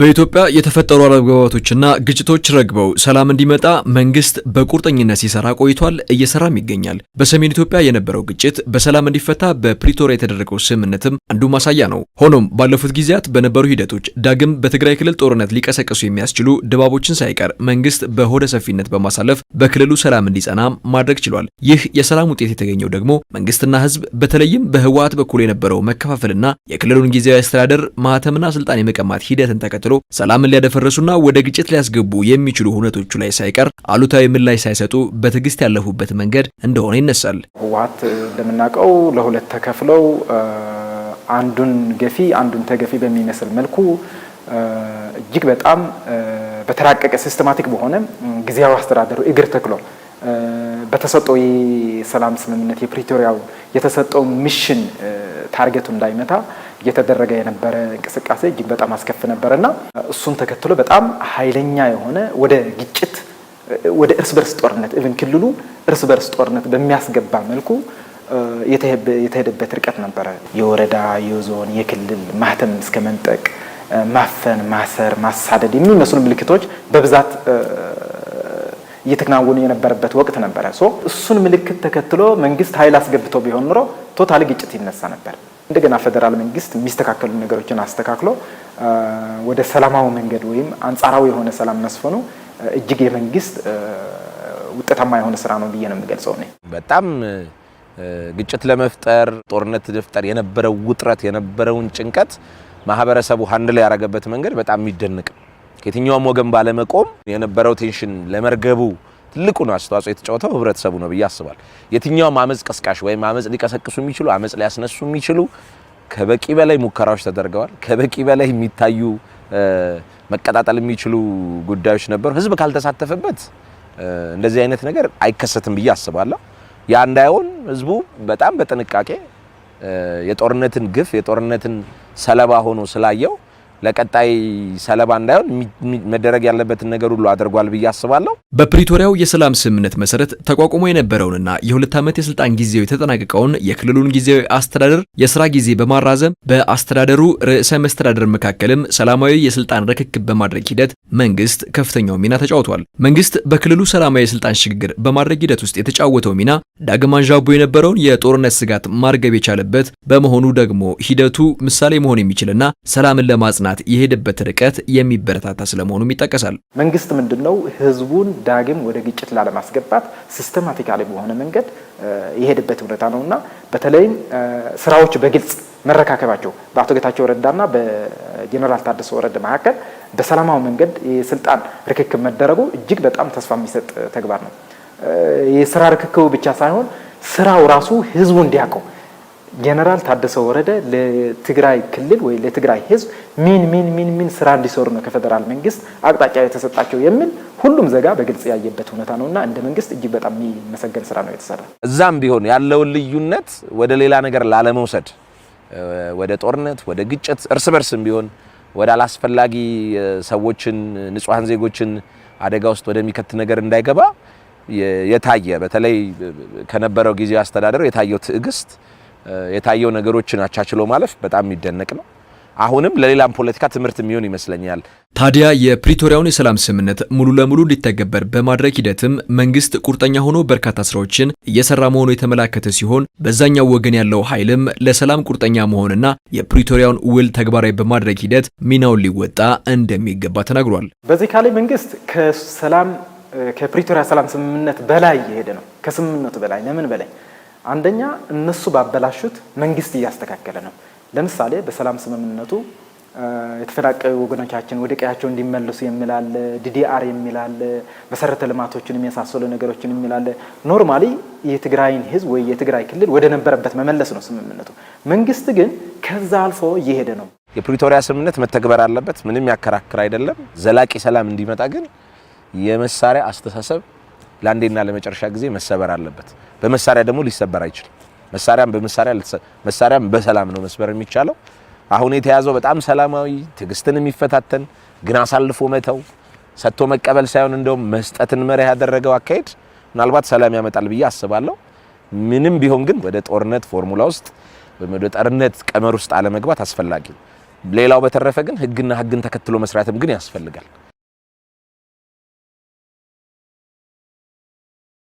በኢትዮጵያ የተፈጠሩ አለመግባባቶችና ግጭቶች ረግበው ሰላም እንዲመጣ መንግስት በቁርጠኝነት ሲሰራ ቆይቷል፣ እየሰራም ይገኛል። በሰሜን ኢትዮጵያ የነበረው ግጭት በሰላም እንዲፈታ በፕሪቶሪያ የተደረገው ስምምነትም አንዱ ማሳያ ነው። ሆኖም ባለፉት ጊዜያት በነበሩ ሂደቶች ዳግም በትግራይ ክልል ጦርነት ሊቀሰቀሱ የሚያስችሉ ድባቦችን ሳይቀር መንግስት በሆደ ሰፊነት በማሳለፍ በክልሉ ሰላም እንዲጸና ማድረግ ችሏል። ይህ የሰላም ውጤት የተገኘው ደግሞ መንግስትና ህዝብ በተለይም በህወሓት በኩል የነበረው መከፋፈልና የክልሉን ጊዜያዊ አስተዳደር ማህተምና ስልጣን የመቀማት ሂደትን ተከ ተከትሎ ሰላምን ሊያደፈረሱና ወደ ግጭት ሊያስገቡ የሚችሉ ሁነቶቹ ላይ ሳይቀር አሉታዊ ምላሽ ሳይሰጡ በትዕግስት ያለፉበት መንገድ እንደሆነ ይነሳል። ህወሓት እንደምናውቀው ለሁለት ተከፍለው አንዱን ገፊ አንዱን ተገፊ በሚመስል መልኩ እጅግ በጣም በተራቀቀ ሲስተማቲክ በሆነ ጊዜያዊ አስተዳደሩ እግር ተክሎ በተሰጠው የሰላም ስምምነት የፕሪቶሪያው የተሰጠው ሚሽን ታርጌቱ እንዳይመታ እየተደረገ የነበረ እንቅስቃሴ እጅግ በጣም አስከፊ ነበረ እና እሱን ተከትሎ በጣም ኃይለኛ የሆነ ወደ ግጭት ወደ እርስ በርስ ጦርነት ኢቭን ክልሉ እርስ በርስ ጦርነት በሚያስገባ መልኩ የተሄደበት ርቀት ነበረ። የወረዳ የዞን የክልል ማህተም እስከ መንጠቅ፣ ማፈን፣ ማሰር፣ ማሳደድ የሚመስሉ ምልክቶች በብዛት እየተከናወኑ የነበረበት ወቅት ነበረ። እሱን ምልክት ተከትሎ መንግስት ኃይል አስገብቶ ቢሆን ኑሮ ቶታል ግጭት ይነሳ ነበር። እንደገና ፌዴራል መንግስት የሚስተካከሉ ነገሮችን አስተካክሎ ወደ ሰላማዊ መንገድ ወይም አንጻራዊ የሆነ ሰላም መስፈኑ እጅግ የመንግስት ውጤታማ የሆነ ስራ ነው ብዬ ነው የምገልጸው። እኔ በጣም ግጭት ለመፍጠር ጦርነት ለመፍጠር የነበረው ውጥረት የነበረውን ጭንቀት ማህበረሰቡ ላይ ያረገበት መንገድ በጣም የሚደንቅ ከየትኛውም ወገን ባለመቆም የነበረው ቴንሽን ለመርገቡ ትልቁን አስተዋጽኦ የተጫወተው ህብረተሰቡ ነው ብዬ አስባል። የትኛውም አመፅ ቀስቃሽ ወይም አመፅ ሊቀሰቅሱ የሚችሉ አመፅ ሊያስነሱ የሚችሉ ከበቂ በላይ ሙከራዎች ተደርገዋል። ከበቂ በላይ የሚታዩ መቀጣጠል የሚችሉ ጉዳዮች ነበሩ። ህዝብ ካልተሳተፈበት እንደዚህ አይነት ነገር አይከሰትም ብዬ አስባለሁ። ያ እንዳይሆን ህዝቡ በጣም በጥንቃቄ የጦርነትን ግፍ የጦርነትን ሰለባ ሆኖ ስላየው ለቀጣይ ሰለባ እንዳይሆን መደረግ ያለበትን ነገር ሁሉ አድርጓል ብዬ አስባለሁ። በፕሪቶሪያው የሰላም ስምምነት መሰረት ተቋቁሞ የነበረውንና የሁለት ዓመት የስልጣን ጊዜው የተጠናቀቀውን የክልሉን ጊዜያዊ አስተዳደር የስራ ጊዜ በማራዘም በአስተዳደሩ ርዕሰ መስተዳደር መካከልም ሰላማዊ የስልጣን ርክክብ በማድረግ ሂደት መንግስት ከፍተኛው ሚና ተጫውቷል። መንግስት በክልሉ ሰላማዊ የስልጣን ሽግግር በማድረግ ሂደት ውስጥ የተጫወተው ሚና ዳግም አንዣቦ የነበረውን የጦርነት ስጋት ማርገብ የቻለበት በመሆኑ ደግሞ ሂደቱ ምሳሌ መሆን የሚችልና ሰላምን ለማጽናት ለዘመናት የሄደበት ርቀት የሚበረታታ ስለመሆኑም ይጠቀሳል። መንግስት ምንድነው ህዝቡን ዳግም ወደ ግጭት ላለማስገባት ሲስተማቲካሊ በሆነ መንገድ የሄደበት ሁኔታ ነው እና በተለይም ስራዎች በግልጽ መረካከባቸው በአቶ ጌታቸው ረዳና በጀኔራል ታደሰ ወረደ መካከል በሰላማዊ መንገድ የስልጣን ርክክብ መደረጉ እጅግ በጣም ተስፋ የሚሰጥ ተግባር ነው። የስራ ርክክቡ ብቻ ሳይሆን ስራው ራሱ ህዝቡ እንዲያውቀው ጀነራል ታደሰ ወረደ ለትግራይ ክልል ወይ ለትግራይ ህዝብ ሚን ሚን ሚን ሚን ስራ እንዲሰሩ ነው ከፌደራል መንግስት አቅጣጫ የተሰጣቸው የሚል ሁሉም ዘጋ በግልጽ ያየበት ሁኔታ ነውና እንደ መንግስት እጅግ በጣም የሚመሰገን ስራ ነው የተሰራ። እዛም ቢሆን ያለውን ልዩነት ወደ ሌላ ነገር ላለመውሰድ ወደ ጦርነት፣ ወደ ግጭት፣ እርስ በርስም ቢሆን ወደ አላስፈላጊ ሰዎችን ንጹሐን ዜጎችን አደጋ ውስጥ ወደሚከት ነገር እንዳይገባ የታየ በተለይ ከነበረው ጊዜ አስተዳደር የታየው ትዕግስት የታየው ነገሮችን አቻችሎ ማለፍ በጣም የሚደነቅ ነው። አሁንም ለሌላም ፖለቲካ ትምህርት የሚሆን ይመስለኛል። ታዲያ የፕሪቶሪያውን የሰላም ስምምነት ሙሉ ለሙሉ እንዲተገበር በማድረግ ሂደትም መንግስት ቁርጠኛ ሆኖ በርካታ ስራዎችን እየሰራ መሆኑ የተመላከተ ሲሆን በዛኛው ወገን ያለው ኃይልም ለሰላም ቁርጠኛ መሆንና የፕሪቶሪያውን ውል ተግባራዊ በማድረግ ሂደት ሚናውን ሊወጣ እንደሚገባ ተናግሯል። በዚህ ካላይ መንግስት ከሰላም ከፕሪቶሪያ ሰላም ስምምነት በላይ የሄደ ነው። ከስምምነቱ በላይ ለምን በላይ አንደኛ እነሱ ባበላሹት መንግስት እያስተካከለ ነው። ለምሳሌ በሰላም ስምምነቱ የተፈናቀዩ ወገኖቻችን ወደ ቀያቸው እንዲመለሱ የሚላል ዲዲአር የሚላል መሰረተ ልማቶችን የሚያሳሰሉ ነገሮችን የሚላል ኖርማሊ የትግራይን ህዝብ ወይ የትግራይ ክልል ወደ ነበረበት መመለስ ነው ስምምነቱ። መንግስት ግን ከዛ አልፎ እየሄደ ነው። የፕሪቶሪያ ስምምነት መተግበር አለበት። ምንም ያከራክር አይደለም። ዘላቂ ሰላም እንዲመጣ ግን የመሳሪያ አስተሳሰብ ለአንዴና ለመጨረሻ ጊዜ መሰበር አለበት። በመሳሪያ ደግሞ ሊሰበር አይችልም። መሳሪያም በመሳሪያ መሳሪያም በሰላም ነው መስበር የሚቻለው። አሁን የተያዘው በጣም ሰላማዊ ትዕግስትን የሚፈታተን ግን አሳልፎ መተው ሰጥቶ መቀበል ሳይሆን እንደውም መስጠትን መርህ ያደረገው አካሄድ ምናልባት ሰላም ያመጣል ብዬ አስባለሁ። ምንም ቢሆን ግን ወደ ጦርነት ፎርሙላ ውስጥ ወይም ወደ ጦርነት ቀመር ውስጥ አለመግባት አስፈላጊ ነው። ሌላው በተረፈ ግን ህግና ህግን ተከትሎ መስራትም ግን ያስፈልጋል።